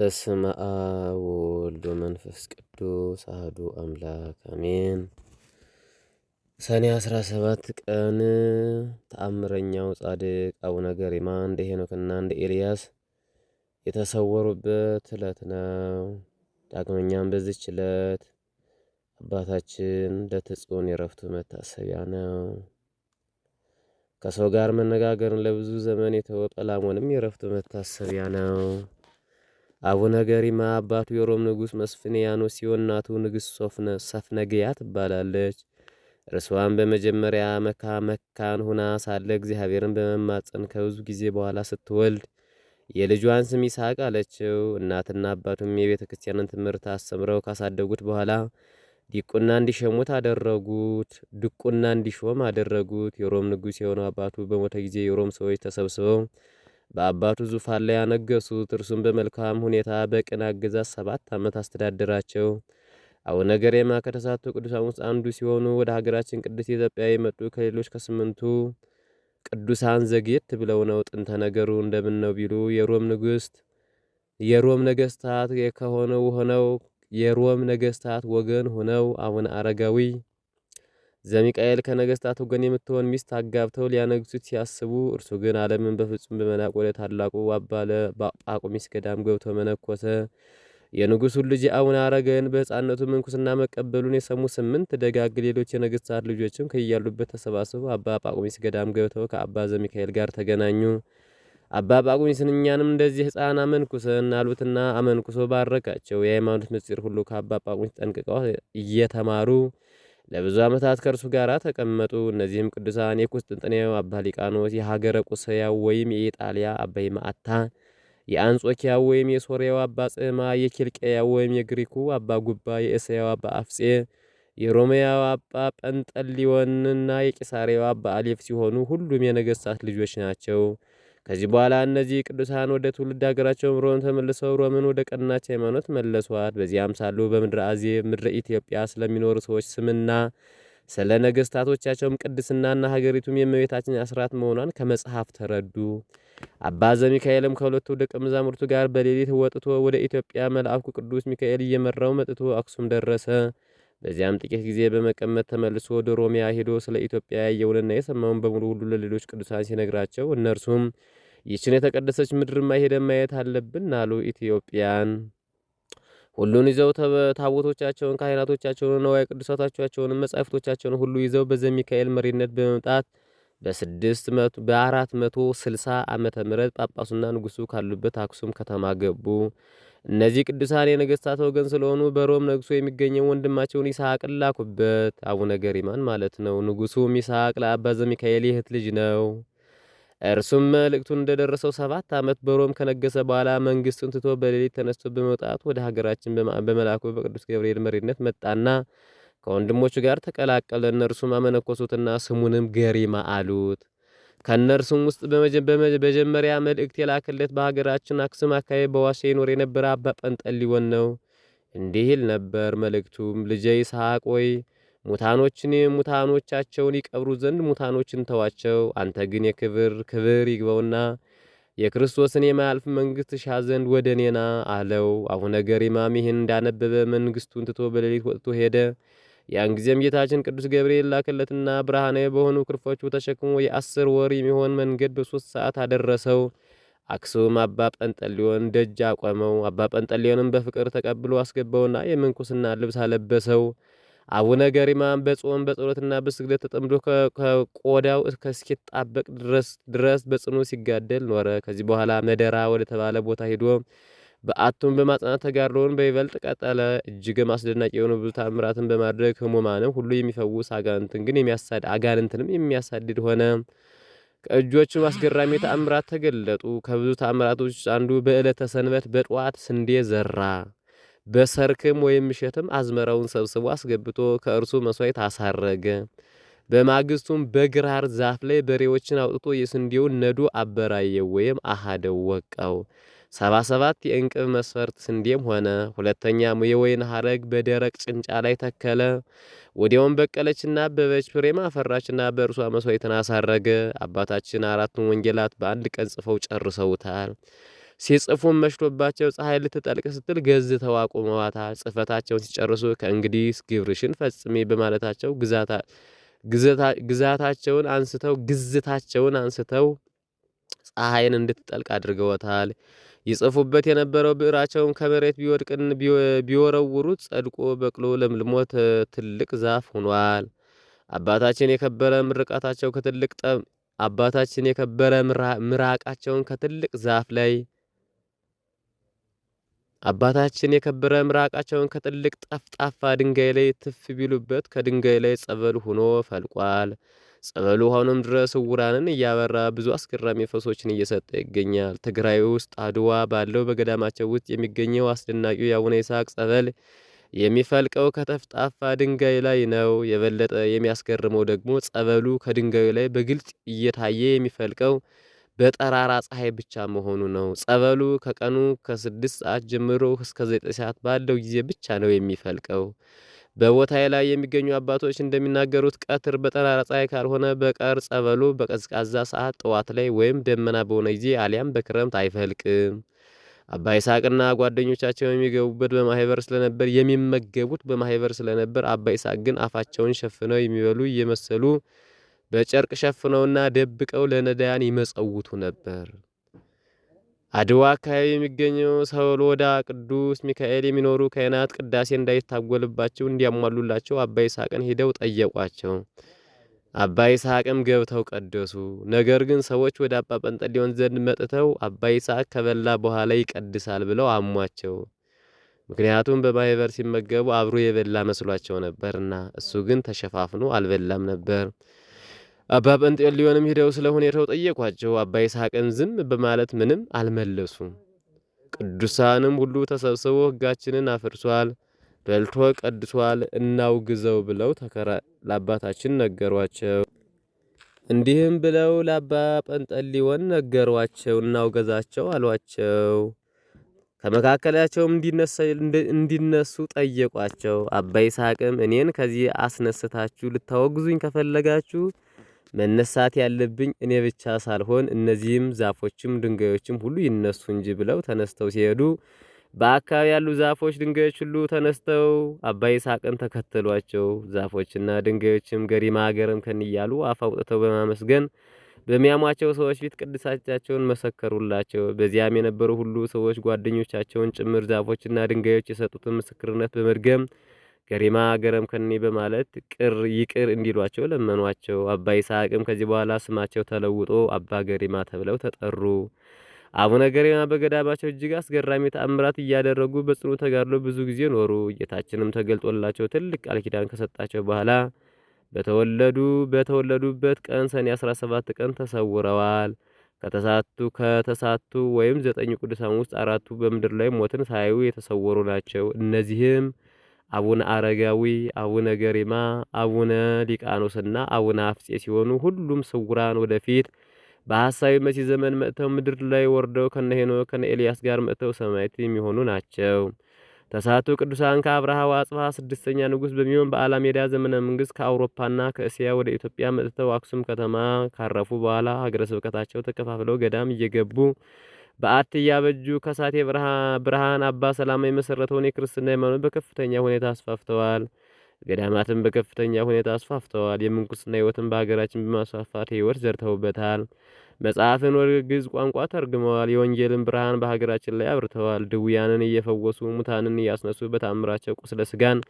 በስመ አብ ወወልድ ወመንፈስ ቅዱስ አህዱ አምላክ አሜን። ሰኔ 17 ቀን ተአምረኛው ጻድቅ አቡነ ገሪማ እንደ ሄኖክና እንደ ኤልያስ የተሰወሩበት ዕለት ነው። ዳግመኛም በዚች ዕለት አባታችን ለትጹን የረፍቱ መታሰቢያ ነው። ከሰው ጋር መነጋገርን ለብዙ ዘመን የተወ ጰላሞንም የረፍቱ መታሰቢያ ነው። አቡነ ገሪማ አባቱ የሮም ንጉሥ መስፍንያኖስ ሲሆን እናቱ ንግሥት ሰፍነግያ ትባላለች። እርሷን በመጀመሪያ መካ መካን ሁና ሳለ እግዚአብሔርን በመማፀን ከብዙ ጊዜ በኋላ ስትወልድ የልጇን ስም ይስሐቅ አለችው። እናትና አባቱም የቤተ ክርስቲያንን ትምህርት አስተምረው ካሳደጉት በኋላ ዲቁና እንዲሸሙት አደረጉት። ድቁና እንዲሾም አደረጉት። የሮም ንጉሥ የሆነው አባቱ በሞተ ጊዜ የሮም ሰዎች ተሰብስበው በአባቱ ዙፋን ላይ ያነገሱት። እርሱም በመልካም ሁኔታ በቅን አገዛዝ ሰባት ዓመት አስተዳደራቸው። አቡነ ገሬማ ከተሳቱ ቅዱሳን ውስጥ አንዱ ሲሆኑ ወደ ሀገራችን ቅድስት ኢትዮጵያ የመጡ ከሌሎች ከስምንቱ ቅዱሳን ዘግየት ብለው ነው። ጥንተ ነገሩ እንደምን ነው ቢሉ የሮም ንግስት የሮም ነገስታት ከሆነው ሆነው የሮም ነገስታት ወገን ሆነው አቡነ አረጋዊ ዘሚካኤል ከነገሥታት ወገን የምትሆን ሚስት አጋብተው ሊያነግሱት ሲያስቡ፣ እርሱ ግን ዓለምን በፍጹም በመናቅ ወደ ታላቁ አባ ጳኩሚስ ገዳም ገብቶ መነኮሰ። የንጉሱን ልጅ አቡነ አረገን በሕፃንነቱ ምንኩስና መቀበሉን የሰሙ ስምንት ደጋግ ሌሎች የነገስታት ልጆችም ከያሉበት ተሰባስበው አባ ጳቁሚስ ገዳም ገብተው ከአባ ዘሚካኤል ጋር ተገናኙ። አባ ጳኩሚስን እኛንም እንደዚህ ሕፃን አመንኩሰን አሉትና አመንኩሶ ባረካቸው። የሃይማኖት ምጽር ሁሉ ከአባ ጳኩሚስ ጠንቅቀው እየተማሩ ለብዙ ዓመታት ከእርሱ ጋር ተቀመጡ። እነዚህም ቅዱሳን የቁስጥንጥንያው አባ ሊቃኖስ፣ የሀገረ ቁሰያው ወይም የኢጣሊያ አባይ ማዕታ፣ የአንጾኪያው ወይም የሶሪያው አባ ጽማ፣ የኪልቅያው ወይም የግሪኩ አባ ጉባ፣ የእስያው አባ አፍጼ፣ የሮሜያው አባ ጰንጠሊዮንና የቂሳሪያው አባ አሌፍ ሲሆኑ ሁሉም የነገሥታት ልጆች ናቸው። ከዚህ በኋላ እነዚህ ቅዱሳን ወደ ትውልድ ሀገራቸው ሮም ተመልሰው ሮምን ወደ ቀናች ሃይማኖት መለሷት። በዚያም ሳሉ በምድረ አዜ ምድረ ኢትዮጵያ ስለሚኖሩ ሰዎች ስምና ስለ ነገስታቶቻቸውም ቅድስናና ሀገሪቱም የእመቤታችን አስራት መሆኗን ከመጽሐፍ ተረዱ። አባ ዘሚካኤልም ከሁለቱ ደቀ መዛሙርቱ ጋር በሌሊት ወጥቶ ወደ ኢትዮጵያ መልአኩ ቅዱስ ሚካኤል እየመራው መጥቶ አክሱም ደረሰ። በዚያም ጥቂት ጊዜ በመቀመጥ ተመልሶ ወደ ሮሚያ ሄዶ ስለ ኢትዮጵያ ያየውንና የሰማውን በሙሉ ሁሉ ለሌሎች ቅዱሳን ሲነግራቸው እነርሱም ይችን የተቀደሰች ምድር ሄደን ማየት አለብን አሉ ኢትዮጵያን። ሁሉን ይዘው ታቦቶቻቸውን፣ ካህናቶቻቸውን፣ ነዋይ ቅዱሳቶቻቸውን፣ መጻሕፍቶቻቸውን ሁሉ ይዘው በዘ ሚካኤል መሪነት በመምጣት በስድስት መቶ በአራት መቶ ስልሳ ዓመተ ምህረት ጳጳሱና ንጉሱ ካሉበት አክሱም ከተማ ገቡ። እነዚህ ቅዱሳን የነገስታት ወገን ስለሆኑ በሮም ነግሶ የሚገኘው ወንድማቸውን ይስሐቅን ላኩበት፣ አቡነ ገሪማን ማለት ነው። ንጉሱም ይስሐቅ ለአባ ሚካኤል ይህት ልጅ ነው እርሱም መልእክቱን እንደደረሰው ሰባት ዓመት በሮም ከነገሰ በኋላ መንግስቱን ትቶ በሌሊት ተነስቶ በመውጣት ወደ ሀገራችን በመላኩ በቅዱስ ገብርኤል መሪነት መጣና ከወንድሞቹ ጋር ተቀላቀለ። እነርሱም አመነኮሱትና ስሙንም ገሪማ አሉት። ከእነርሱም ውስጥ በመጀመሪያ መልእክት የላከለት በሀገራችን አክሱም አካባቢ በዋሻ ይኖር የነበረ አባ ጰንጠሊዎን ነው። እንዲህ ይል ነበር መልእክቱም ልጄ ይስሐቅ ወይ ሙታኖችን ሙታኖቻቸውን ይቀብሩ ዘንድ ሙታኖችን ተዋቸው። አንተ ግን የክብር ክብር ይግበውና የክርስቶስን የማያልፍ መንግሥት ሻ ዘንድ ወደ እኔና አለው። አቡነ ገሪማም ይህን እንዳነበበ መንግሥቱን ትቶ በሌሊት ወጥቶ ሄደ። ያን ጊዜም ጌታችን ቅዱስ ገብርኤል ላከለትና ብርሃናዊ በሆኑ ክንፎቹ ተሸክሞ የአስር ወር የሚሆን መንገድ በሶስት ሰዓት አደረሰው። አክሱም አባ ጰንጠሊዮን ደጅ አቆመው። አባ ጰንጠሊዮንም በፍቅር ተቀብሎ አስገባውና የምንኩስና ልብስ አለበሰው። አቡነ ገሪማን በጾም በጸሎትና በስግደት ተጠምዶ ከቆዳው እስከሚጣበቅ ድረስ ድረስ በጽኑ ሲጋደል ኖረ። ከዚህ በኋላ መደራ ወደ ተባለ ቦታ ሄዶ በአቱም በማጽናት ተጋድሎውን በይበልጥ ቀጠለ። እጅግም አስደናቂ የሆኑ ብዙ ታምራትን በማድረግ ህሙማንም ሁሉ የሚፈውስ አጋንንትን ግን የሚያሳድ አጋንንትንም የሚያሳድድ ሆነ። ከእጆቹም አስገራሚ ተአምራት ተገለጡ። ከብዙ ተአምራቶች አንዱ በዕለተ ሰንበት በጠዋት ስንዴ ዘራ። በሰርክም ወይም ምሸትም አዝመራውን ሰብስቦ አስገብቶ ከእርሱ መስዋዕት አሳረገ። በማግስቱም በግራር ዛፍ ላይ በሬዎችን አውጥቶ የስንዴውን ነዶ አበራየው ወይም አሃደው ወቃው። ሰባ ሰባት የእንቅብ መስፈርት ስንዴም ሆነ። ሁለተኛም የወይን ሐረግ በደረቅ ጭንጫ ላይ ተከለ። ወዲያውም በቀለችና አበበች ፍሬም አፈራችና በእርሷ መሥዋዕትን አሳረገ። አባታችን አራቱን ወንጌላት በአንድ ቀን ጽፈው ጨርሰውታል። ሲጽፉም መሽቶባቸው ፀሐይ ልትጠልቅ ስትል ተዋቁ መዋታ ጽፈታቸውን ሲጨርሱ ከእንግዲህ ግብርሽን ፈጽሜ በማለታቸው ግዛታቸውን አንስተው ግዝታቸውን አንስተው ፀሐይን እንድትጠልቅ አድርገወታል። ይጽፉበት የነበረው ብዕራቸውን ከመሬት ቢወድቅን ቢወረውሩት ጸድቆ በቅሎ ለምልሞ ትልቅ ዛፍ ሆኗል። አባታችን የከበረ ምርቃታቸው ከትልቅ አባታችን የከበረ ምራቃቸውን ከትልቅ ዛፍ ላይ አባታችን የከበረ ምራቃቸውን ከጥልቅ ጠፍጣፋ ድንጋይ ላይ ትፍ ቢሉበት ከድንጋይ ላይ ጸበል ሆኖ ፈልቋል። ጸበሉ አሁንም ድረስ እውራንን እያበራ ብዙ አስገራሚ ፈሶችን እየሰጠ ይገኛል። ትግራይ ውስጥ አድዋ ባለው በገዳማቸው ውስጥ የሚገኘው አስደናቂው የአቡነ ይስሐቅ ጸበል የሚፈልቀው ከጠፍጣፋ ድንጋይ ላይ ነው። የበለጠ የሚያስገርመው ደግሞ ጸበሉ ከድንጋዩ ላይ በግልጽ እየታየ የሚፈልቀው በጠራራ ፀሐይ ብቻ መሆኑ ነው። ጸበሉ ከቀኑ ከስድስት ሰዓት ጀምሮ እስከ ዘጠኝ ሰዓት ባለው ጊዜ ብቻ ነው የሚፈልቀው። በቦታ ላይ የሚገኙ አባቶች እንደሚናገሩት ቀትር በጠራራ ፀሐይ ካልሆነ በቀር ጸበሉ በቀዝቃዛ ሰዓት ጠዋት ላይ ወይም ደመና በሆነ ጊዜ አሊያም በክረምት አይፈልቅም። አባ ይስሐቅና ጓደኞቻቸው የሚገቡበት በማህበር ስለነበር የሚመገቡት በማህበር ስለነበር አባ ይስሐቅ ግን አፋቸውን ሸፍነው የሚበሉ እየመሰሉ በጨርቅ ሸፍነውና ደብቀው ለነዳያን ይመጸውቱ ነበር። አድዋ አካባቢ የሚገኘው ወዳ ቅዱስ ሚካኤል የሚኖሩ ካህናት ቅዳሴ እንዳይታጎልባቸው እንዲያሟሉላቸው አባ ይስሐቅን ሄደው ጠየቋቸው። አባ ይስሐቅም ገብተው ቀደሱ። ነገር ግን ሰዎች ወደ አባ ጰንጠሌዎን ዘንድ መጥተው አባ ይስሐቅ ከበላ በኋላ ይቀድሳል ብለው አሟቸው። ምክንያቱም በማህበር ሲመገቡ አብሮ የበላ መስሏቸው ነበርና፣ እሱ ግን ተሸፋፍኖ አልበላም ነበር። አባ ጰንጤሌዎንም ሄደው ስለ ሁኔታው ጠየቋቸው። አባ ይስሐቅን ዝም በማለት ምንም አልመለሱም። ቅዱሳንም ሁሉ ተሰብስበው ሕጋችንን አፍርሷል፣ በልቶ ቀድሷል፣ እናውግዘው ብለው ለአባታችን ነገሯቸው። እንዲህም ብለው ለአባ ጰንጠሊዎን ነገሯቸው። እናውገዛቸው አሏቸው። ከመካከላቸውም እንዲነሱ ጠየቋቸው። አባ ይስሐቅም እኔን ከዚህ አስነስታችሁ ልታወግዙኝ ከፈለጋችሁ መነሳት ያለብኝ እኔ ብቻ ሳልሆን እነዚህም ዛፎችም ድንጋዮችም ሁሉ ይነሱ እንጂ ብለው ተነስተው ሲሄዱ በአካባቢ ያሉ ዛፎች ድንጋዮች ሁሉ ተነስተው አባ ይስሐቅን ተከተሏቸው። ዛፎችና ድንጋዮችም ገሪማ አገርም ከን እያሉ አፍ አውጥተው በማመስገን በሚያሟቸው ሰዎች ፊት ቅድሳቻቸውን መሰከሩላቸው። በዚያም የነበሩ ሁሉ ሰዎች ጓደኞቻቸውን ጭምር ዛፎችና ድንጋዮች የሰጡትን ምስክርነት በመድገም ገሪማ ገረም ከኔ በማለት ቅር ይቅር እንዲሏቸው ለመኗቸው። አባ ይስሐቅም ከዚህ በኋላ ስማቸው ተለውጦ አባ ገሪማ ተብለው ተጠሩ። አቡነ ገሪማ በገዳማቸው እጅግ አስገራሚ ተአምራት እያደረጉ በጽኑ ተጋድሎ ብዙ ጊዜ ኖሩ። ጌታችንም ተገልጦላቸው ትልቅ ቃል ኪዳን ከሰጣቸው በኋላ በተወለዱ በተወለዱበት ቀን ሰኔ 17 ቀን ተሰውረዋል። ከተሳቱ ከተሳቱ ወይም ዘጠኝ ቅዱሳን ውስጥ አራቱ በምድር ላይ ሞትን ሳያዩ የተሰወሩ ናቸው። እነዚህም አቡነ አረጋዊ፣ አቡነ ገሪማ፣ አቡነ ሊቃኖስና አቡነ አፍጼ ሲሆኑ ሁሉም ስውራን ወደፊት በሐሳዊ መሲህ ዘመን መጥተው ምድር ላይ ወርደው ከነ ሄኖክ ከነ ኤልያስ ጋር መጥተው ሰማዕት የሚሆኑ ናቸው። ተሳቱ ቅዱሳን ከአብርሃ ወአጽብሃ ስድስተኛ ንጉሥ በሚሆን በአላሜዳ ዘመነ መንግሥት ከአውሮፓና ከእስያ ወደ ኢትዮጵያ መጥተው አክሱም ከተማ ካረፉ በኋላ ሀገረ ስብከታቸው ተከፋፍለው ገዳም እየገቡ በአትያ በእጁ ከሳቴ ብርሃን አባ ሰላማ የመሰረተውን የክርስትና ሃይማኖት በከፍተኛ ሁኔታ አስፋፍተዋል። ገዳማትን በከፍተኛ ሁኔታ አስፋፍተዋል። የምንኩስና ሕይወትን በሀገራችን በማስፋፋት ሕይወት ዘርተውበታል። መጽሐፍን ወደ ግዕዝ ቋንቋ ተርግመዋል። የወንጌልን ብርሃን በሀገራችን ላይ አብርተዋል። ድውያንን እየፈወሱ ሙታንን እያስነሱ በታምራቸው ቁስለ ስጋን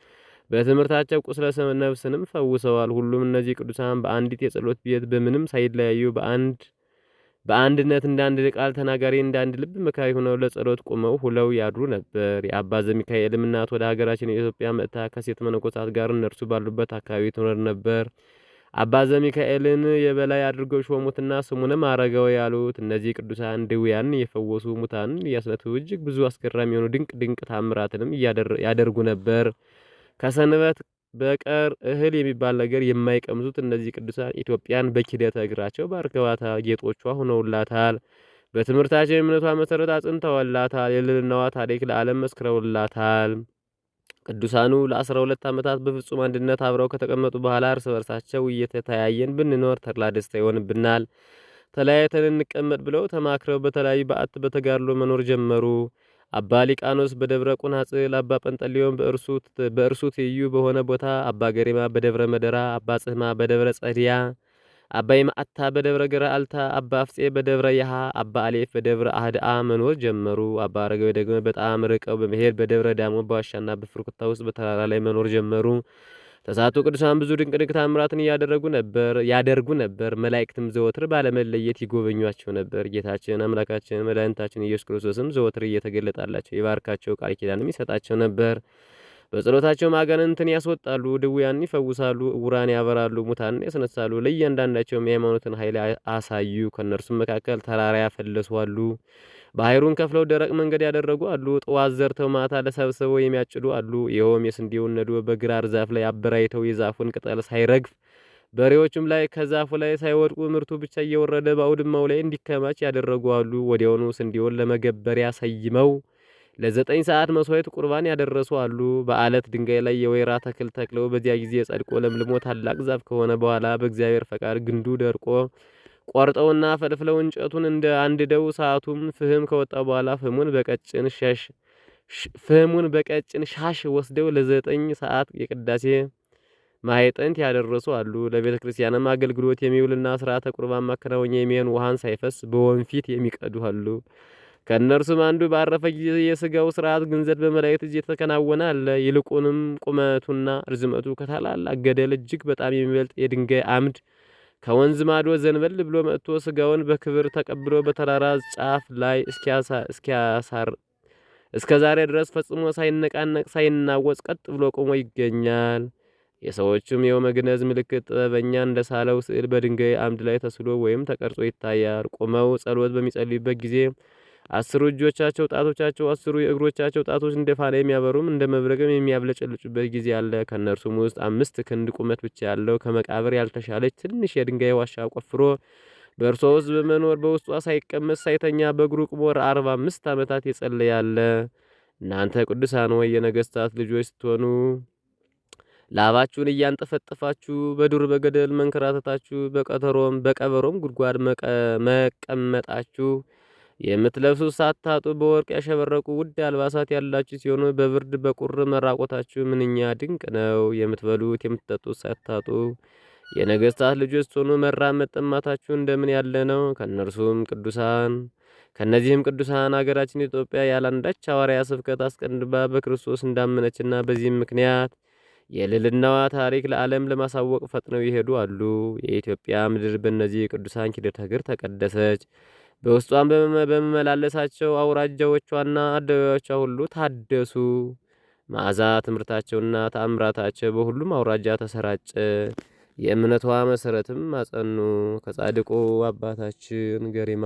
በትምህርታቸው ቁስለ ነፍስንም ፈውሰዋል። ሁሉም እነዚህ ቅዱሳን በአንዲት የጸሎት ቤት በምንም ሳይለያዩ በአንድ በአንድነት እንደ አንድ ቃል ተናጋሪ እንደ አንድ ልብ መካሪ ሆነው ለጸሎት ቆመው ሁለው ያድሩ ነበር። የአባ ዘሚካኤልም እናት ወደ ሀገራችን የኢትዮጵያ መጥታ ከሴት መነኮሳት ጋር እነርሱ ባሉበት አካባቢ ትኖር ነበር። አባ ዘሚካኤልን የበላይ አድርገው ሾሙትና ስሙንም አረገው ያሉት። እነዚህ ቅዱሳን ድውያን የፈወሱ፣ ሙታንን እያስነቱ እጅግ ብዙ አስገራሚ የሆኑ ድንቅ ድንቅ ታምራትንም ያደርጉ ነበር። ከሰንበት በቀር እህል የሚባል ነገር የማይቀምሱት እነዚህ ቅዱሳን ኢትዮጵያን በኪደተ እግራቸው ባርከዋታ ጌጦቿ ሆነውላታል። በትምህርታቸው የእምነቷ መሰረት አጽንተውላታል። የልልናዋ ታሪክ ለዓለም መስክረውላታል። ቅዱሳኑ ለአስራ ሁለት ዓመታት በፍጹም አንድነት አብረው ከተቀመጡ በኋላ እርስ በርሳቸው እየተተያየን ብንኖር ተድላ ደስታ ይሆንብናል፣ ተለያይተን እንቀመጥ ብለው ተማክረው በተለያዩ በዓት በተጋድሎ መኖር ጀመሩ። አባ ሊቃኖስ በደብረ ቁናጽል፣ አባ ጰንጠሊዮን በእርሱ ትይዩ በሆነ ቦታ፣ አባ ገሪማ በደብረ መደራ፣ አባ ጽህማ በደብረ ጸድያ፣ አባ ይማዕታ በደብረ ገረአልታ፣ አባ አፍጼ በደብረ ያሃ፣ አባ አሌፍ በደብረ አህድአ መኖር ጀመሩ። አባ አረጋዊ ደግሞ በጣም ርቀው በመሄድ በደብረ ዳሞ በዋሻና በፍርኩታ ውስጥ በተራራ ላይ መኖር ጀመሩ። ተሳቱ ቅዱሳን ብዙ ድንቅ ድንቅ ታምራትን እያደረጉ ነበር ያደርጉ ነበር። መላእክትም ዘወትር ባለመለየት ይጎበኟቸው ነበር። ጌታችን አምላካችን መድኃኒታችን ኢየሱስ ክርስቶስም ዘወትር እየተገለጣላቸው የባርካቸው ቃል ኪዳንም ይሰጣቸው ነበር። በጸሎታቸውም አጋንንትን ያስወጣሉ፣ ድውያን ይፈውሳሉ፣ እውራን ያበራሉ፣ ሙታንን ያስነሳሉ። ለእያንዳንዳቸውም የሃይማኖትን ኃይል አሳዩ። ከእነርሱም መካከል ተራራ ያፈለሷሉ። ባህሩን ከፍለው ደረቅ መንገድ ያደረጉ አሉ። ጠዋት ዘርተው ማታ ለሰብስበው የሚያጭዱ አሉ። ይኸውም የስንዴውን ነዶ በግራር ዛፍ ላይ አበራይተው የዛፉን ቅጠል ሳይረግፍ በሬዎቹም ላይ ከዛፉ ላይ ሳይወድቁ ምርቱ ብቻ እየወረደ በአውድማው ላይ እንዲከማች ያደረጉ አሉ። ወዲያውኑ ስንዴውን ለመገበሪያ ሰይመው ለዘጠኝ ሰዓት መስዋዕት ቁርባን ያደረሱ አሉ። በአለት ድንጋይ ላይ የወይራ ተክል ተክለው በዚያ ጊዜ ጸድቆ ለምልሞ ታላቅ ዛፍ ከሆነ በኋላ በእግዚአብሔር ፈቃድ ግንዱ ደርቆ ቆርጠውና ፈልፍለው እንጨቱን እንደ አንድደው ሰዓቱም ፍህም ከወጣ በኋላ ፍህሙን በቀጭን ሻሽ ፍህሙን በቀጭን ሻሽ ወስደው ለዘጠኝ ሰዓት የቅዳሴ ማይጠንት ያደረሱ አሉ። ለቤተ ክርስቲያንም አገልግሎት የሚውልና ስርዓተ ቁርባን ማከናወኛ የሚሆን ውሃን ሳይፈስ በወንፊት የሚቀዱ አሉ። ከእነርሱም አንዱ ባረፈ ጊዜ የስጋው ስርዓት ግንዘት በመላእክት እጅ የተከናወነ አለ። ይልቁንም ቁመቱና ርዝመቱ ከታላላቅ ገደል እጅግ በጣም የሚበልጥ የድንጋይ አምድ ከወንዝ ማዶ ዘንበል ብሎ መጥቶ ስጋውን በክብር ተቀብሎ በተራራ ጫፍ ላይ እስኪያሳር እስከ ዛሬ ድረስ ፈጽሞ ሳይነቃነቅ ሳይናወጽ ቀጥ ብሎ ቆሞ ይገኛል። የሰዎቹም የመግነዝ ምልክት ጥበበኛ እንደ ሳለው ስዕል በድንጋይ አምድ ላይ ተስሎ ወይም ተቀርጾ ይታያል። ቆመው ጸሎት በሚጸልዩበት ጊዜ አስሩ እጆቻቸው ጣቶቻቸው አስሩ የእግሮቻቸው ጣቶች እንደ ፋና የሚያበሩም እንደ መብረቅም የሚያብለጨልጩበት ጊዜ አለ። ከእነርሱም ውስጥ አምስት ክንድ ቁመት ብቻ ያለው ከመቃብር ያልተሻለች ትንሽ የድንጋይ ዋሻ ቆፍሮ በእርሷ ውስጥ በመኖር በውስጧ ሳይቀመጥ ሳይተኛ በእግሩ ቁሞ አርባ አምስት ዓመታት የጸለያለ። እናንተ ቅዱሳን ወይ የነገስታት ልጆች ስትሆኑ ላባችሁን እያንጠፈጠፋችሁ በዱር በገደል መንከራተታችሁ በቀተሮም በቀበሮም ጉድጓድ መቀመጣችሁ የምትለብሱት ሳታጡ በወርቅ ያሸበረቁ ውድ አልባሳት ያላችሁ ሲሆኑ በብርድ በቁር መራቆታችሁ ምንኛ ድንቅ ነው። የምትበሉት የምትጠጡት ሳታጡ የነገሥታት ልጆች ስትሆኑ መራመድ መጠማታችሁ እንደምን ያለ ነው። ከእነርሱም ቅዱሳን ከእነዚህም ቅዱሳን አገራችን ኢትዮጵያ ያላንዳች ሐዋርያ ስብከት አስቀንድባ በክርስቶስ እንዳመነችና በዚህም ምክንያት የልልናዋ ታሪክ ለዓለም ለማሳወቅ ፈጥነው ይሄዱ አሉ። የኢትዮጵያ ምድር በእነዚህ ቅዱሳን ኪደተ እግር ተቀደሰች። በውስጧን በመመላለሳቸው አውራጃዎቿና አደባባዮቿ ሁሉ ታደሱ። መዓዛ ትምህርታቸውና ተአምራታቸው በሁሉም አውራጃ ተሰራጨ። የእምነቷ መሰረትም አጸኑ። ከጻድቁ አባታችን ገሪማ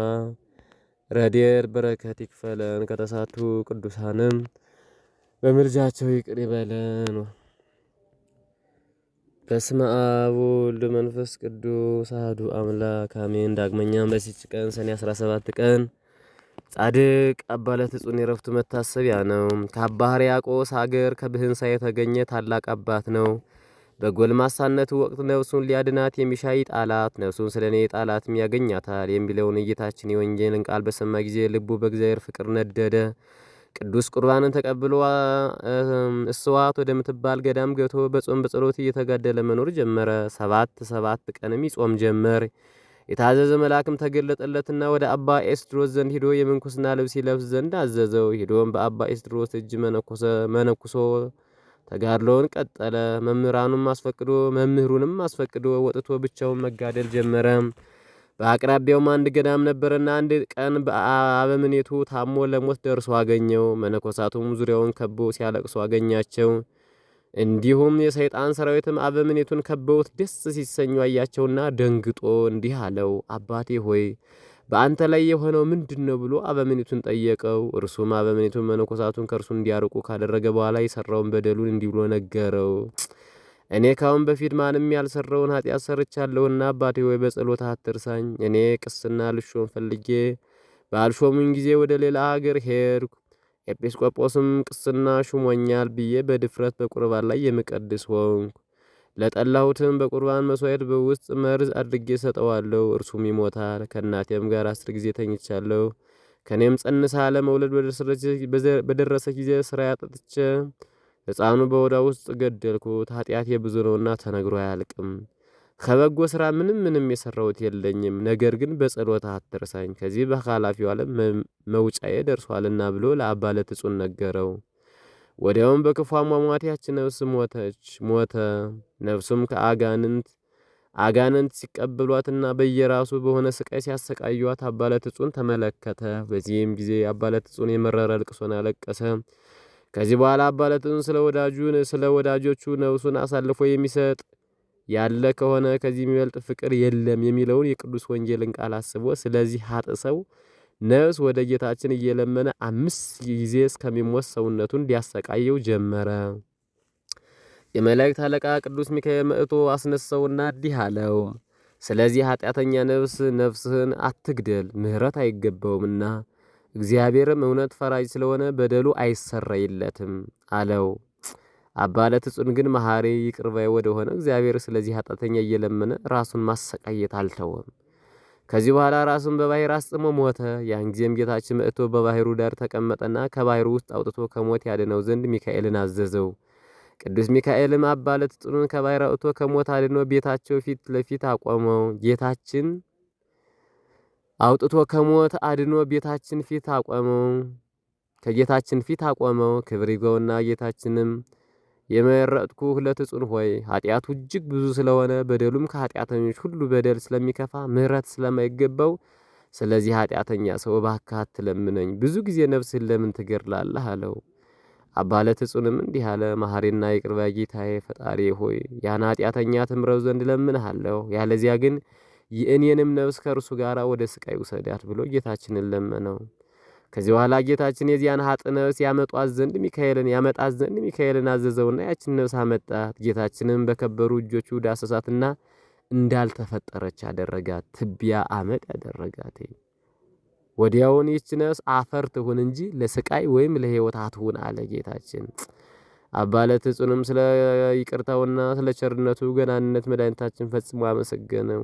ረድኤት በረከት ይክፈለን። ከተሳቱ ቅዱሳንም በምልጃቸው ይቅር ይበለን። በስመ አብ ወወልድ መንፈስ ቅዱስ አሐዱ አምላክ አሜን። ዳግመኛም በዚች ቀን ሰኔ 17 ቀን ጻድቅ አባ ለትጹን የረፍቱ መታሰቢያ ነው። ከአባ ሕርያቆስ ሀገር ከብህንሳ የተገኘ ታላቅ አባት ነው። በጎልማሳነቱ ወቅት ነፍሱን ሊያድናት የሚሻይ ጣላት ነፍሱን ስለ እኔ ጣላትም ያገኛታል የሚለውን እይታችን የወንጌልን ቃል በሰማ ጊዜ ልቡ በእግዚአብሔር ፍቅር ነደደ። ቅዱስ ቁርባንን ተቀብሎ እስዋት ወደምትባል ገዳም ገብቶ በጾም በጸሎት እየተጋደለ መኖር ጀመረ። ሰባት ሰባት ቀንም ይጾም ጀመር። የታዘዘ መልአክም ተገለጠለትና ወደ አባ ኤስድሮስ ዘንድ ሂዶ የምንኩስና ልብስ ይለብስ ዘንድ አዘዘው። ሂዶም በአባ ኤስድሮስ እጅ መነኩሶ ተጋድሎውን ቀጠለ። መምህራኑም አስፈቅዶ መምህሩንም አስፈቅዶ ወጥቶ ብቻውን መጋደል ጀመረ። በአቅራቢያውም አንድ ገዳም ነበርና አንድ ቀን በአበምኔቱ ታሞ ለሞት ደርሶ አገኘው። መነኮሳቱም ዙሪያውን ከበው ሲያለቅሱ አገኛቸው። እንዲሁም የሰይጣን ሰራዊትም አበምኔቱን ከበውት ደስ ሲሰኙ አያቸውና ደንግጦ እንዲህ አለው፣ አባቴ ሆይ በአንተ ላይ የሆነው ምንድን ነው ብሎ አበምኔቱን ጠየቀው። እርሱም አበምኔቱን መነኮሳቱን ከእርሱ እንዲያርቁ ካደረገ በኋላ የሰራውን በደሉን እንዲህ ብሎ ነገረው። እኔ ካሁን በፊት ማንም ያልሰራውን ኃጢአት ሰርቻለሁና አባቴ ወይ በጸሎት አትርሳኝ። እኔ ቅስና ልሾም ፈልጌ ባልሾሙኝ ጊዜ ወደ ሌላ አገር ሄድኩ። ኤጲስቆጶስም ቅስና ሹሞኛል ብዬ በድፍረት በቁርባን ላይ የምቀድስ ሆንኩ። ለጠላሁትም በቁርባን መስዋዕት በውስጥ መርዝ አድርጌ ሰጠዋለሁ፣ እርሱም ይሞታል። ከእናቴም ጋር አስር ጊዜ ተኝቻለሁ። ከእኔም ጸንሳ ለመውለድ በደረሰች ጊዜ ስራ ያጠጥቼ ሕፃኑ በወዳ ውስጥ ገደልኩት። ኃጢአት የብዙ ነውና ተነግሮ አያልቅም። ከበጎ ሥራ ምንም ምንም የሠራሁት የለኝም። ነገር ግን በጸሎት አትርሳኝ፣ ከዚህ በኃላፊው ዓለም መውጫዬ ደርሷልና ብሎ ለአባ ለትጹን ነገረው። ወዲያውም በክፉ አሟሟት ያች ነፍስ ሞተች ሞተ። ነፍሱም ከአጋንንት አጋንንት ሲቀበሏትና በየራሱ በሆነ ስቃይ ሲያሰቃዩዋት አባ ተመለከተ። በዚህም ጊዜ አባለትጹን የመረረ ልቅሶን አለቀሰ። ከዚህ በኋላ አባላቱን ስለ ወዳጁን ስለ ወዳጆቹ ነፍሱን አሳልፎ የሚሰጥ ያለ ከሆነ ከዚህ የሚበልጥ ፍቅር የለም የሚለውን የቅዱስ ወንጌልን ቃል አስቦ ስለዚህ ሀጥ ሰው ነፍስ ወደ ጌታችን እየለመነ አምስት ጊዜ እስከሚሞት ሰውነቱን ሊያሰቃየው ጀመረ። የመላእክት አለቃ ቅዱስ ሚካኤል መጥቶ አስነሳውና እንዲህ አለው፣ ስለዚህ ኃጢአተኛ ነፍስ ነፍስህን አትግደል፣ ምሕረት አይገባውምና እግዚአብሔርም እውነት ፈራጅ ስለሆነ በደሉ አይሰረይለትም አለው። አባ ለትጹን ግን መሐሪ ይቅር ባይ ወደሆነ እግዚአብሔር ስለዚህ ኃጢአተኛ እየለመነ ራሱን ማሰቃየት አልተወም። ከዚህ በኋላ ራሱን በባህር አስጥሞ ሞተ። ያን ጊዜም ጌታችን መጥቶ በባህሩ ዳር ተቀመጠና ከባህሩ ውስጥ አውጥቶ ከሞት ያድነው ዘንድ ሚካኤልን አዘዘው። ቅዱስ ሚካኤልም አባ ለትጹንን ከባህር አውጥቶ ከሞት አድኖ ቤታቸው ፊት ለፊት አቆመው። ጌታችን አውጥቶ ከሞት አድኖ ቤታችን ፊት አቆመው ከጌታችን ፊት አቆመው። ክብር ይግባውና ጌታችንም የመረጥኩ ሁለት ለትጹን ሆይ ኃጢአቱ እጅግ ብዙ ስለሆነ በደሉም ከኃጢአተኞች ሁሉ በደል ስለሚከፋ ምሕረት ስለማይገባው ስለዚህ ኃጢአተኛ ሰው እባክህ አትለምነኝ፣ ብዙ ጊዜ ነፍስህን ለምን ትገድላለህ? አለው። አባለት ለትጹንም እንዲህ አለ። መሐሪና ይቅርባ ጌታዬ ፈጣሪ ሆይ ያን ኃጢአተኛ ትምረው ዘንድ ለምንሃለሁ፣ ያለዚያ ግን የእኔንም ነብስ ከእርሱ ጋር ወደ ስቃይ ውሰዳት ብሎ ጌታችንን ለመነው። ከዚህ በኋላ ጌታችን የዚያን ሀጥ ነብስ ያመጧት ዘንድ ሚካኤልን ያመጣት ዘንድ ሚካኤልን አዘዘውና ያችን ነብስ አመጣት። ጌታችንም በከበሩ እጆቹ ዳሰሳትና እንዳልተፈጠረች አደረጋት። ትቢያ አመድ አደረጋት። ወዲያውን ይህች ነብስ አፈር ትሁን እንጂ ለስቃይ ወይም ለሕይወት አትሁን አለ ጌታችን። አባለት ለትጹንም ስለ ይቅርታውና ስለ ቸርነቱ ገናንነት መድኃኒታችን ፈጽሞ አመሰገነው።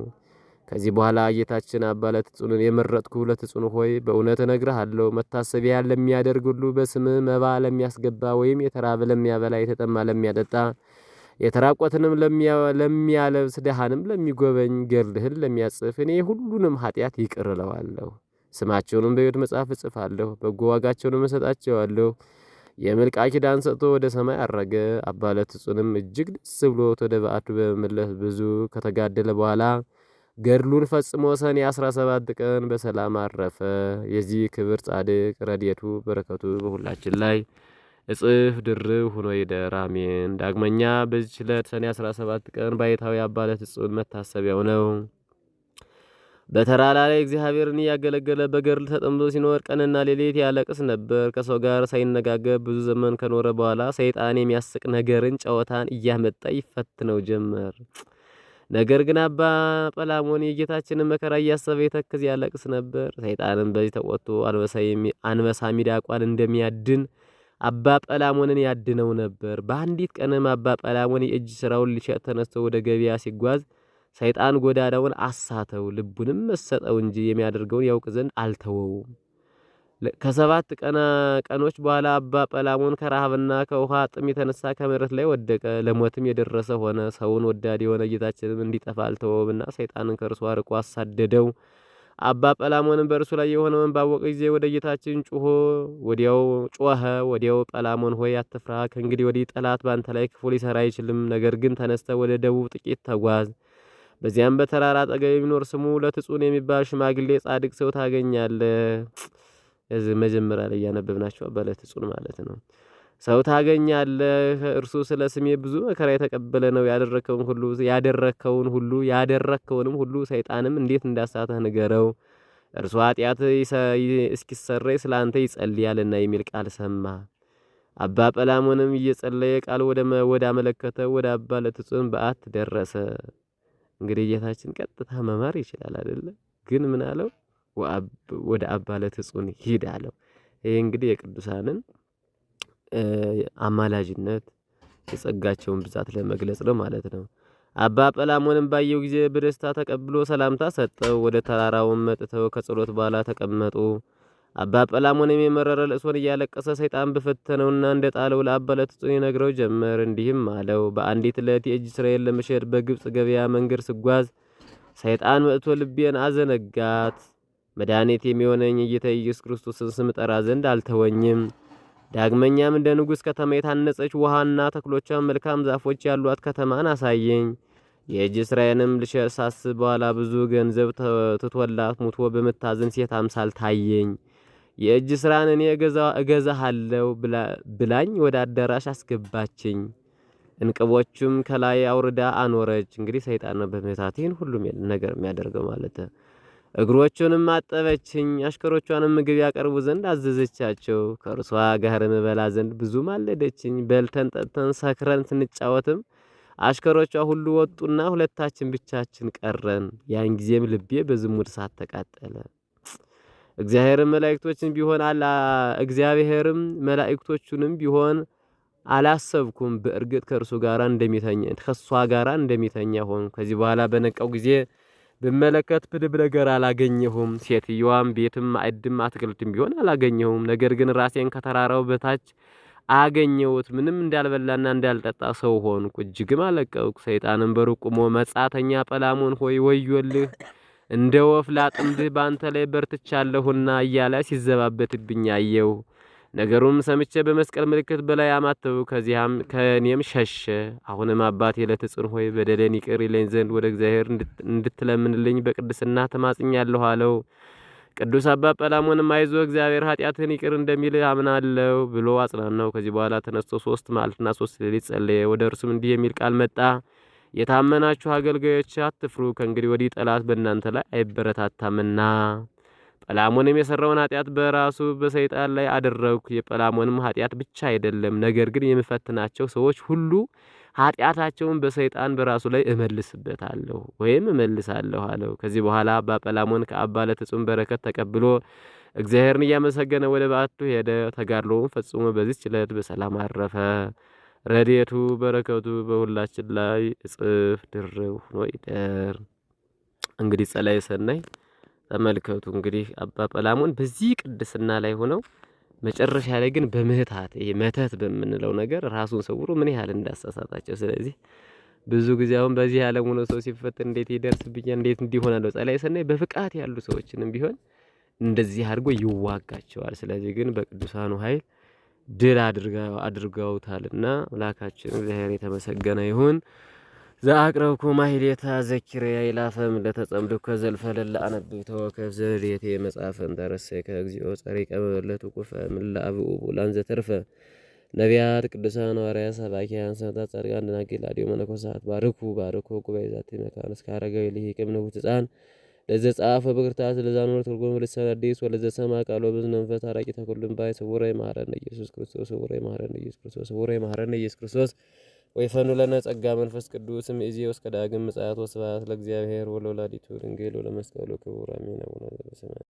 ከዚህ በኋላ ጌታችን አባ ለትጹንን የመረጥኩ ለትጹን ሆይ በእውነት እነግርሃለሁ፣ መታሰቢያ ለሚያደርግ ሁሉ በስም መባ ለሚያስገባ ወይም የተራበ ለሚያበላ፣ የተጠማ ለሚያጠጣ፣ የተራቆትንም ለሚያለብስ፣ ድሃንም ለሚጎበኝ፣ ገድልህን ለሚያጽፍ እኔ ሁሉንም ኃጢአት ይቅር እለዋለሁ። ስማቸውንም በሕይወት መጽሐፍ እጽፋለሁ፣ በጎ ዋጋቸውንም እሰጣቸዋለሁ። የምልቃ ኪዳን ሰጥቶ ወደ ሰማይ አረገ። አባ ለትጹንም እጅግ ደስ ብሎት ወደ በዓቱ በመመለስ ብዙ ከተጋደለ በኋላ ገድሉን ፈጽሞ ሰኔ 17 ቀን በሰላም አረፈ። የዚህ ክብር ጻድቅ ረድኤቱ በረከቱ በሁላችን ላይ እጽፍ ድርብ ሆኖ ይደር አሜን። ዳግመኛ በዚች ዕለት ሰኔ 17 ቀን ባይታዊ አባለት እጹብ መታሰቢያው ነው። በተራላ ላይ እግዚአብሔርን እያገለገለ በገድል ተጠምዶ ሲኖር ቀንና ሌሊት ያለቅስ ነበር። ከሰው ጋር ሳይነጋገር ብዙ ዘመን ከኖረ በኋላ ሰይጣን የሚያስቅ ነገርን፣ ጨዋታን እያመጣ ይፈትነው ጀመር። ነገር ግን አባ ጰላሞን የጌታችንን መከራ እያሰበ ይተክዝ ያለቅስ ነበር። ሰይጣንም በዚህ ተቆጥቶ አንበሳ ሚዳቋን እንደሚያድን አባ ጰላሞንን ያድነው ነበር። በአንዲት ቀንም አባ ጰላሞን የእጅ ስራውን ሊሸጥ ተነስቶ ወደ ገበያ ሲጓዝ ሰይጣን ጎዳዳውን አሳተው፣ ልቡንም መሰጠው እንጂ የሚያደርገውን ያውቅ ዘንድ አልተወውም። ከሰባት ቀኖች በኋላ አባ ጰላሞን ከረሃብና ከውሃ ጥም የተነሳ ከመሬት ላይ ወደቀ፣ ለሞትም የደረሰ ሆነ። ሰውን ወዳድ የሆነ ጌታችንም እንዲጠፋ አልተወውምና ሰይጣንን ከእርሱ አርቆ አሳደደው። አባ ጰላሞንም በእርሱ ላይ የሆነውን ባወቀ ጊዜ ወደ ጌታችን ጩሆ ወዲያው ጮኸ። ወዲያው ጰላሞን ሆይ አትፍራ፣ ከእንግዲህ ወዲህ ጠላት ባንተ ላይ ክፉ ሊሰራ አይችልም። ነገር ግን ተነስተ ወደ ደቡብ ጥቂት ተጓዝ በዚያም በተራራ አጠገብ የሚኖር ስሙ ለትጹን የሚባል ሽማግሌ ጻድቅ ሰው ታገኛለህ። እዚህ መጀመሪያ ላይ እያነበብናቸው አባለ ትጹን ማለት ነው። ሰው ታገኛለህ፣ እርሱ ስለ ስሜ ብዙ መከራ የተቀበለ ነው። ያደረከውን ሁሉ ያደረከውን ሁሉ ያደረከውንም ሁሉ ሰይጣንም እንዴት እንዳሳተህ ንገረው፣ እርሱ ኃጢአት እስኪሰረይ ስለ አንተ ይጸልያልና የሚል ቃል ሰማ። አባ ጰላሞንም እየጸለየ ቃል ወደ አመለከተ ወደ አባ ለትጹን በአት ደረሰ። እንግዲህ ጌታችን ቀጥታ መማር ይችላል አይደለ? ግን ምን አለው? ወደ አባለት ህጹን ሂድ አለው። ይህ እንግዲህ የቅዱሳንን አማላጅነት የጸጋቸውን ብዛት ለመግለጽ ነው ማለት ነው። አባ ጰላሞንም ባየው ጊዜ በደስታ ተቀብሎ ሰላምታ ሰጠው። ወደ ተራራውን መጥተው ከጸሎት በኋላ ተቀመጡ። አባ ጰላሞንም የመረረ ልቅሶን እያለቀሰ ሰይጣን በፈተነውና እንደ ጣለው ለአባ ለትጹን ይነግረው ጀመር። እንዲህም አለው፣ በአንዲት ዕለት የእጅ እስራኤል ለመሸጥ በግብፅ ገበያ መንገድ ስጓዝ ሰይጣን መጥቶ ልቤን አዘነጋት። መድኃኒት የሚሆነኝ ጌታ ኢየሱስ ክርስቶስን ስም ጠራ ዘንድ አልተወኝም። ዳግመኛም እንደ ንጉሥ ከተማ የታነጸች ውሃና ተክሎቿን መልካም ዛፎች ያሏት ከተማን አሳየኝ። የእጅ ስራዬንም ልሸሳስ በኋላ ብዙ ገንዘብ ትቶላት ሙቶ በምታዝን ሴት አምሳል ታየኝ። የእጅ ስራን እኔ እገዛሃለሁ ብላኝ ወደ አዳራሽ አስገባችኝ። እንቅቦቹም ከላይ አውርዳ አኖረች። እንግዲህ ሰይጣን ነው በመታት ይህን ሁሉም ነገር የሚያደርገው ማለት እግሮቹንም አጠበችኝ። አሽከሮቿንም ምግብ ያቀርቡ ዘንድ አዘዘቻቸው። ከእርሷ ጋር ምበላ ዘንድ ብዙ ማለደችኝ። በልተን ጠጥተን ሰክረን ስንጫወትም አሽከሮቿ ሁሉ ወጡና ሁለታችን ብቻችን ቀረን። ያን ጊዜም ልቤ በዝሙት እሳት ተቃጠለ። እግዚአብሔርም መላእክቶችን ቢሆን አላ እግዚአብሔርም መላእክቶቹንም ቢሆን አላሰብኩም። በእርግጥ ከእርሱ ጋራ እንደሚተኛ ከእሷ ጋራ እንደሚተኛ ሆን ከዚህ በኋላ በነቃው ጊዜ ብመለከት ምንም ነገር አላገኘሁም። ሴትየዋም ቤትም፣ አይድም አትክልትም ቢሆን አላገኘሁም። ነገር ግን ራሴን ከተራራው በታች አገኘሁት። ምንም እንዳልበላና እንዳልጠጣ ሰው ሆንኩ። እጅግም አለቀቅኩ። ሰይጣንም በሩቅ ቆሞ መጻተኛ ጰላሞን ሆይ ወዮልህ እንደ ወፍ ላጥምድህ በአንተ ላይ በርትቻለሁና እያለ ሲዘባበትብኝ አየሁ። ነገሩም ሰምቼ በመስቀል ምልክት በላይ አማተው ከዚያም ከእኔም ሸሸ። አሁንም አባቴ ለትጹን ሆይ በደሌን ይቅር ይለኝ ዘንድ ወደ እግዚአብሔር እንድትለምንልኝ በቅድስና ተማጽኛለሁ አለው። ቅዱስ አባ ጰላሞንም አይዞ እግዚአብሔር ኃጢአትህን ይቅር እንደሚል አምናለሁ ብሎ አጽናናው። ከዚህ በኋላ ተነስቶ ሶስት መዓልትና ሶስት ሌሊት ጸለየ። ወደ እርሱም እንዲህ የሚል ቃል መጣ። የታመናችሁ አገልጋዮች አትፍሩ፣ ከእንግዲህ ወዲህ ጠላት በእናንተ ላይ አይበረታታምና ጰላሞንም የሰራውን ኃጢአት በራሱ በሰይጣን ላይ አደረግኩ። የጰላሞንም ኃጢአት ብቻ አይደለም፣ ነገር ግን የምፈትናቸው ሰዎች ሁሉ ኃጢአታቸውን በሰይጣን በራሱ ላይ እመልስበታለሁ ወይም እመልሳለሁ አለው። ከዚህ በኋላ አባ ጰላሞን ከአባ ለትጹም በረከት ተቀብሎ እግዚአብሔርን እያመሰገነ ወደ በዓቱ ሄደ። ተጋድሎውን ፈጽሞ በዚህ ዕለት በሰላም አረፈ። ረድኤቱ በረከቱ በሁላችን ላይ እጽፍ ድርብ ሆኖ ይደር። እንግዲህ ጸላይ ሰናይ ተመልከቱ እንግዲህ አባ በዚህ ቅድስና ላይ ሆነው መጨረሻ ላይ ግን በምህታት ይሄ መተት በምንለው ነገር ራሱን ሰውሮ ምን ያህል እንዳሳሳታቸው። ስለዚህ ብዙ ጊዜ አሁን በዚህ ዓለም ሆኖ ሰው ሲፈተን እንዴት ይደርስብኛል፣ እንዴት እንዲሆናለሁ ጸላይ ሰናይ በፍቃት ያሉ ሰዎችንም ቢሆን እንደዚህ አድርጎ ይዋጋቸዋል። ስለዚህ ግን በቅዱሳኑ ኃይል ድል አድርገውታልና አምላካችን እግዚአብሔር የተመሰገነ ይሁን። ዘአቅረብኩ ማሂሌታ ዘኪርያ ይላፈም ለተጸምድኮ ከዘልፈለላ አነብብተ ወከፍ ዘርዴቴ መጽሐፈን ተረሰከ እግዚኦ ጸሪ መበለት ቁፈ ምላ አብኡ ቡላን ዘተርፈ ነቢያት ቅዱሳን ሐዋርያት ሰባኪያን ሰማዕታት ጻድቃን ደናግል አድዮ መነኮሳት ባርኩ ባርኩ ጉባኤ ዛቲ መካን እስከ አረጋዊ ልሂቅም ንቡት ሕፃን ለዘጻፈ በክርታት ለዛኖር ትርጉም ልሳን አዲስ ሰማ ቃሎ በዝነ መንፈስ አራቂ ተኩልን ባይ ስውረ ይማረን ኢየሱስ ክርስቶስ ስውረ ይማረን ኢየሱስ ክርስቶስ ስውረ ይማረን ኢየሱስ ክርስቶስ ወይፈኑ ለነ ጸጋ መንፈስ ቅዱስም እዚሁ እስከ ዳግም ምጽአት ወስብሐት ለእግዚአብሔር ወለወላዲቱ ድንግል ወለመስቀሉ ክቡር አሜን። አቡነ ዘበሰማያት